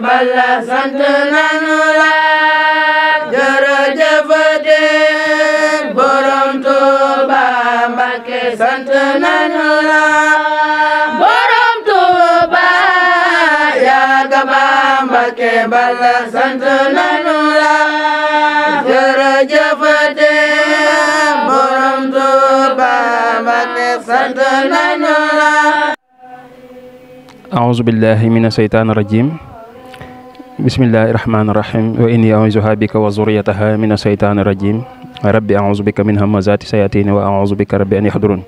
balla sant nanu la jërëjëf den borom Tuuba Mbàkke sant nanu la borom Tuuba yaa gaba Mbàkke balla sant nanu la jërëjëf den borom Tuuba Mbàkke sant nanu la أعوذ بالله من الشيطان الرجيم bismillahi rahmaani rahim wa inni auzuha bika wa zuriyataha min asheytaani rajim rabbi auzu bika min hamazati sayatini wa auzu bika rabbi an yahdurun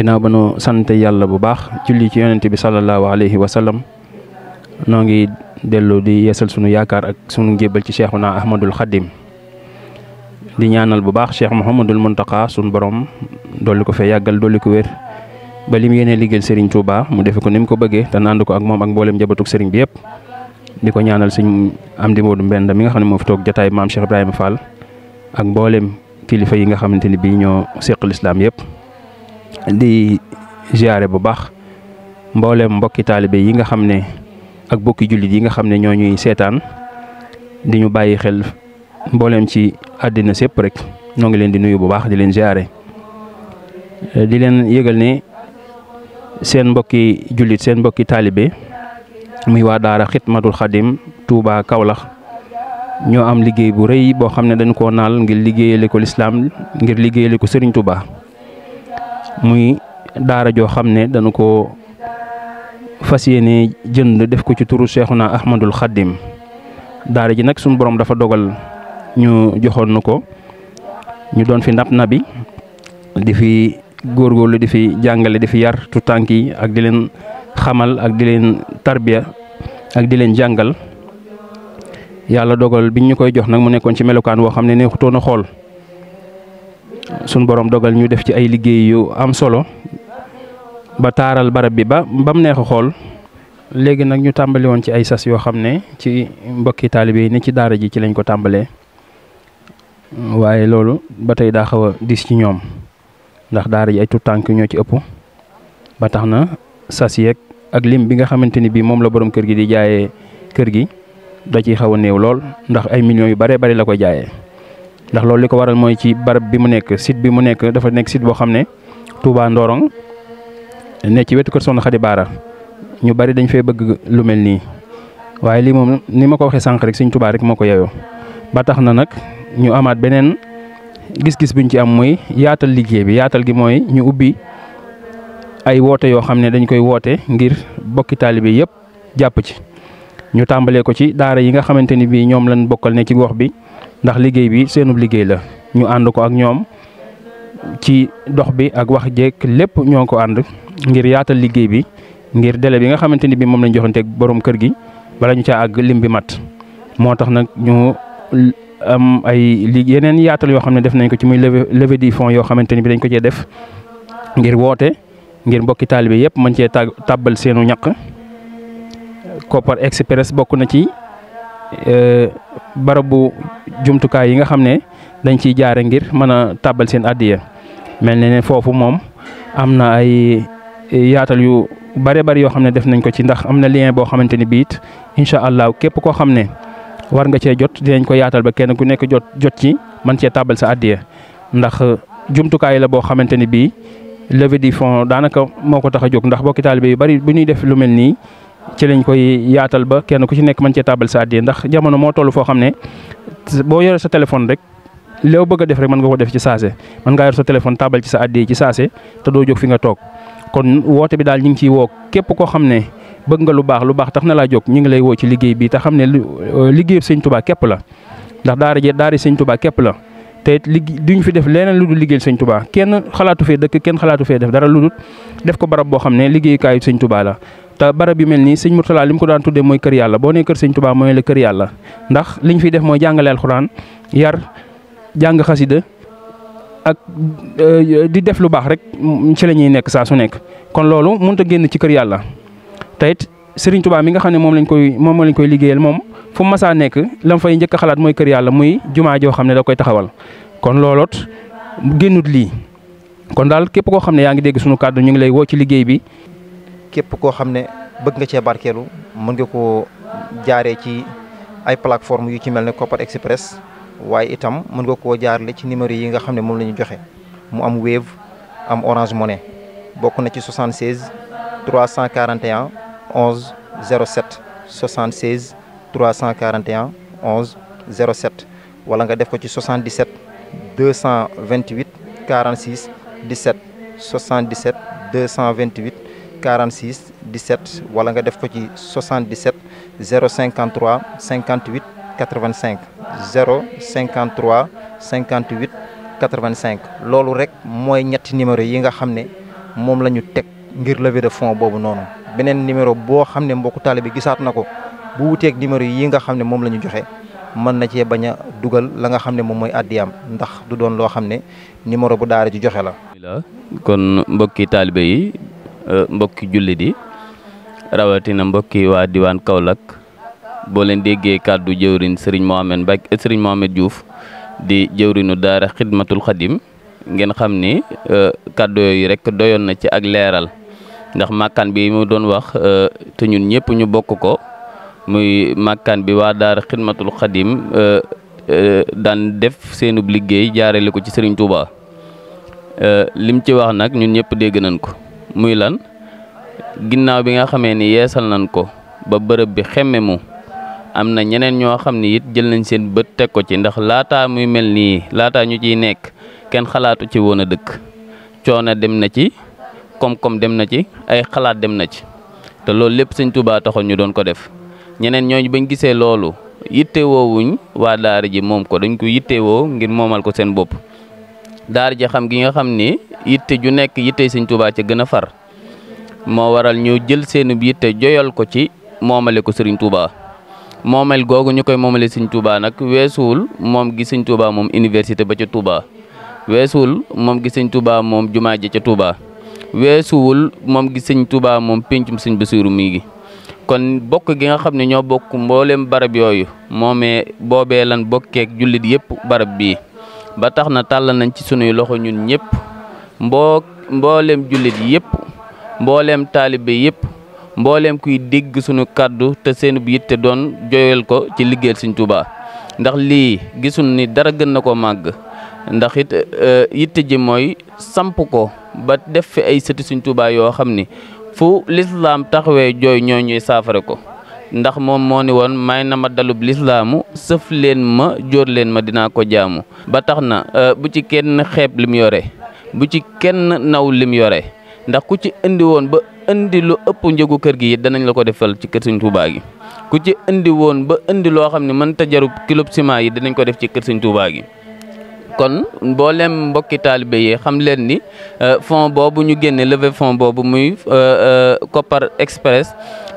ginnaaw ba nu sant yàlla bu baax julli ci yonent bi sallallahu alayhi wa noo ngi dellu di yeesal sunu yaakaar ak sunu njébbal ci cheikhuna ahmadul xadim di ñaanal bu baax cheikh muhammadul muntaka sunu borom dolli ko fee yàggal dolli ko wér ba lim yéene liggéeyal sëriñ Touba mu defe ko ni mu ko bëggee te ànd ko ak moom ak mboolem njabatug sëriñ yëpp di ko ñaanal sëñ Amdi Moodu Mbenda mi nga xam ne moo fi toog jataay maam Cheikh Ibrahima Fall ak mboolem kilifa yi nga xamante ni bii ñoo seq lislaam yëpp di ziare bu baax mboolem mbokki taalibe yi nga xam ne ak bokki jullit yi nga xam ne ñoo ñuy seetaan di bàyyi xel mboolem ci àddina sépp rek ñoo ngi leen di nuyu bu baax di leen ziare di leen yëgal ne seen mbokki jullit seen mbokki taalibe. muy waa daara xidmatul xadim Touba Kaolack ñoo am liggéey bu rëy boo xam ne dañ koo naal ngir liggéeyale ko lislaam ngir liggéeyale ko Serigne Touba muy daara joo xam ne dañu ko fas yéene jënd def ko ci turu Seexuna Ahmadul Xadim daara ji nag suñu borom dafa dogal ñu joxoon ko ñu doon fi nab nabi di fi góorgóorlu di fi jàngale di fi yar tu tànk ak di leen xamal ak di leen tarbiya ak di leen jàngal yàlla dogal biñ ñu koy jox nag mu nekkoon ci melokaan woo xam ne neexutoon xool suñ borom dogal ñu def ci ay liggéey yu am solo ba taaral barab bi ba ba mu neex a xool léegi nag ñu tàmbali woon ci ay sas yoo xam ne ci mbokki taalibe ni ci daara ji ci lañ ko tàmbalee waaye loolu ba tey daa xaw a ci ñoom ndax daara ji ay tuut tànk ñoo ci ëpp ba tax na sas yeeg ak lim bi nga xamante ni bii moom la borom kër gi di jaayee kër gi da ciy xaw a néew lool ndax ay millions yu bare bare la ko jaayee ndax loolu li ko waral mooy ci barab bi mu nekk site bi mu nekk dafa nekk site boo xam ne Touba Ndorong ne ci wetu kër Soxna Xadi Baara ñu bari dañ fee bëgg lu mel nii waaye lii moom ni ma ko waxee sànq rek Sëñ Touba rek moo ko yeyoo ba tax na nag ñu amaat beneen gis-gis buñ ci am mooy yaatal liggéey bi yaatal gi mooy ñu ubbi. ay woote yoo xam ne dañ koy woote ngir bokki taalibe yëpp jàpp ci ñu tàmbalee ko ci daara yi nga xamante ni bii ñoom lañ bokkal ne ci gox bi ndax liggéey bi seenub liggéey la ñu ànd ko ak ñoom ci dox bi ak wax jeeg lépp ñoo ko ànd ngir yaatal liggéey bi ngir dele bi nga xamante ni bii moom lañ joxanteeg borom kër gi bala ñu caa àgg lim bi mat moo tax nag ñu am ay li yeneen yaatal yoo xam ne def nañ ko ci muy levée levée du yoo xamante ni bi dañ ko cee def ngir mbokki talibé yépp man ci tabal seenu ñak copper Express bokku na ci e, barabu kay yi nga xamné dañ ci jaaré ngir mëna tabal sen seen àddiya mel ne ne foofu moom ay yaatal yu bare bare yo xamné def nañ ko ci ndax amna lien bo xamanteni biit inshallah képp ko xamné war nga ci jot dinañ ko yaatal ba kenn ku nekk jot jot ci man ci tabal sa addiya ndax kay la bo xamanteni bi levée du fonds daanaka moo ko tax a jóg ndax bokki taalibe yu bari bu ñuy def lu mel nii ci lañ koy yaatal ba kenn ku ci nekk mën cee tàbbal sa àddiya ndax jamono moo toll foo xam ne boo yore sa téléphone rek loo bëgg a def rek mën nga ko def ci saase man nga yor sa téléphone tàbbal ci sa àddiya ci saase te doo jóg fi nga toog kon woote bi daal ñu ngi ciy woo képp koo xam ne bëgg nga lu baax lu baax tax na laa jóg ñu ngi lay woo ci liggéey bi te xam ne liggéey Sëñ képp la ndax daara je daara Sëñ Tuubaa képp la te ligg duñ fi def leneen lu dul liggéeyal sëñ Touba kenn xalaatu fee dëkk kenn xalaatu fee def dara lu def ko barab boo xam ne liggéeyukaayu sëñ Touba la. te barab yu mel nii sëñ Mourtala li mu ko daan tuddee mooy kër yàlla boo nee kër sëñ Touba mooy la kër yàlla ndax liñ fi def mooy jàngale alxuraan yar jàng xasida ak euh, di def lu baax rek ci la ñuy nekk saa su nekk kon loolu mun a génn ci kër yàlla te Serigne Touba mi nga xam ne moom lañ koy moom lañ koy liggéeyal moom fu mu masaa nekk lam fay njëkk a xalaat mooy kër yàlla muy jumaa joo xam ne da koy taxawal kon looloot génnut lii kon daal képp koo xam ne yaa ngi dégg suñu kàddu ñu ngi lay woo ci liggéey bi. képp koo xam ne bëgg nga cee barkeelu mën nga koo jaaree ci ay plateforme yu ci mel ne Kopar Express waaye itam mën nga koo jaarale ci numéro yi nga xam ne moom la ñu joxe mu am Wave am Orange Money bokk na ci 76 341. 11 07 76 341 11 07 wala nga def 77 228 46 17 77 228 46 17 wala def 77 053 58 85 053 58 85 lolou rek moy ñetti numéro ngir levée de boobu noonu beneen numéro boo xam ne mbokku taalibe bi gisaat na ko bu wuteeg numéro yi nga xam ne moom la ñu joxe mën na cee bañ a dugal la nga xam ne moom mooy àddiyaam ndax du doon loo xam ne numéro bu daara ji joxe la. kon mbokki taalibe yi e, mbokki jullit yi rawatina mbokki waa diwaan Kaolack boo leen déggee kàddu jëwrin Serigne Mohamed Mbacke Serigne Mohamed Diouf di jëwrinu daara xidmatul xadim ngeen xamni euh cadeau yi rek doyon na ci ak leral ndax makan bi mu doon wax euh, te ñun ñepp ñu bokk ko muy makan bi dan euh, euh, def seenu liggey jaarale ko ci Serigne Touba lim ci wax nak ñun ñepp deg nañ ko muy lan ginnaw bi nga xamé ni yeesal nañ ko ba bërepp bi xemme mu amna ñeneen ño xamni yit jël nañ seen bët ko ci ndax laata muy melni laata ñu ci nekk kenn xalaatu ci woon a dëkk coono dem na ci koom-koom dem na ci ay xalaat dem na ci te loolu lépp sëñ Touba taxoon ñu doon ko def ñeneen ñooñu bañ gisee loolu yitte woowuñ waa daara ji moom ko dañ ko yitte woo ngir moomal ko seen bopp daara ji xam gi nga xam ni yitte ju nekk yitte sëñ Touba ca gën a far moo waral ñu jël seenu yitte joyal ko ci moomale ko sëriñ Touba moomel googu ñu koy moomale sëñ Touba nag weesuwul moom gi sëñ Touba moom université ba ca weesuwul moom gi sëñ Touba moom jumaa ji ca Touba weesuwul moom gi sëñ Touba moom péncum sëñ Basiiru mii gi kon bokk gi nga xam ne ñoo bokk mbooleem barab yooyu moomee boobee lan bokkeek jullit yëpp barab bii ba tax na tàll nañ ci sunuy loxo ñun ñëpp mbooleem jullit yëpp mbooleem taalibe yëpp mbooleem kuy dégg sunu kàddu te seen bu yitte doon joyal ko ci liggéeyal sëñ Touba ndax lii gisuñ ni dara gën na koo màgg ndax it euh, yitte ji mooy samp ko ba def fi ay sëti suñ yoo xam ni fu lislaam taxawee jooy ñoo ñuy saafara ko ndax moom moo ni woon may na ma dalub lislaamu sëf leen ma jóor leen ma dinaa ko jaamu ba tax na euh, bu ci kenn xeeb lim yore bu ci kenn naw lim yore ndax ku ci indi woon ba indi lu ëpp njëgu kër gi it danañ la ko defal ci kër Sëñ Tuubaa ku ci indi woon ba indi loo xam ne mënta jarub kilo ciment yi dinañ ko def ci kër Sëñ Tuubaa kon mboolem mbokki taalibe yi xam leen ni euh, fonds boobu ñu génne leve fon boobu muy euh, euh, Kopar Express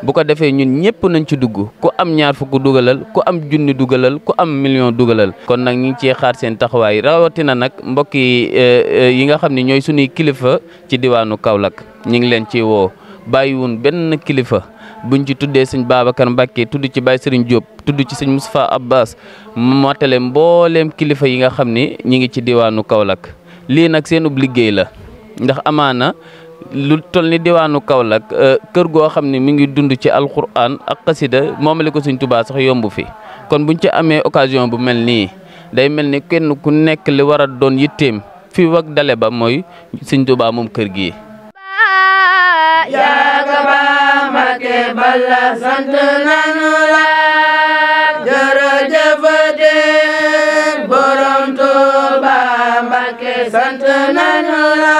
bu ko defee ñun ñëpp nañ ci dugg ku am ñaar fukk dugalal ku am junni dugalal ku am million dugalal kon nag ñu ngi cee xaar seen taxawaay rawatina nag mbokk yi nga xam ne ñooy suñuy kilifa ci diwaanu Kaolack ñu ngi leen ci woo bàyyiwun benn kilifa buñ ci tuddee sëñ Babacar Mbacke tudd ci Baye sëriñ jóob tudd ci sëñ Moustapha Abbas matale mbooleem kilifa yi nga xam ni ñu ngi ci diwaanu Kaolack lii nag seenub liggéey la ndax amaana lu toll ni diwaanu Kaolack euh, kër goo xam ne mi ngi dund ci alquran ak xasida moomale ko sëñ Tuubaa sax yomb fi kon buñ ci amee occasion bu mel nii day mel ni kenn ku nekk li war a doon yitteem fii wak dale ba mooy sëñ Tuubaa moom kër gi balla sant nanu la jërëjëfate borom Tuuba Mbàkke sant nanu la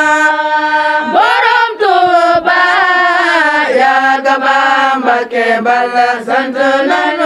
borom Tuuba yaa Gaba Mbàkke balla sant nanu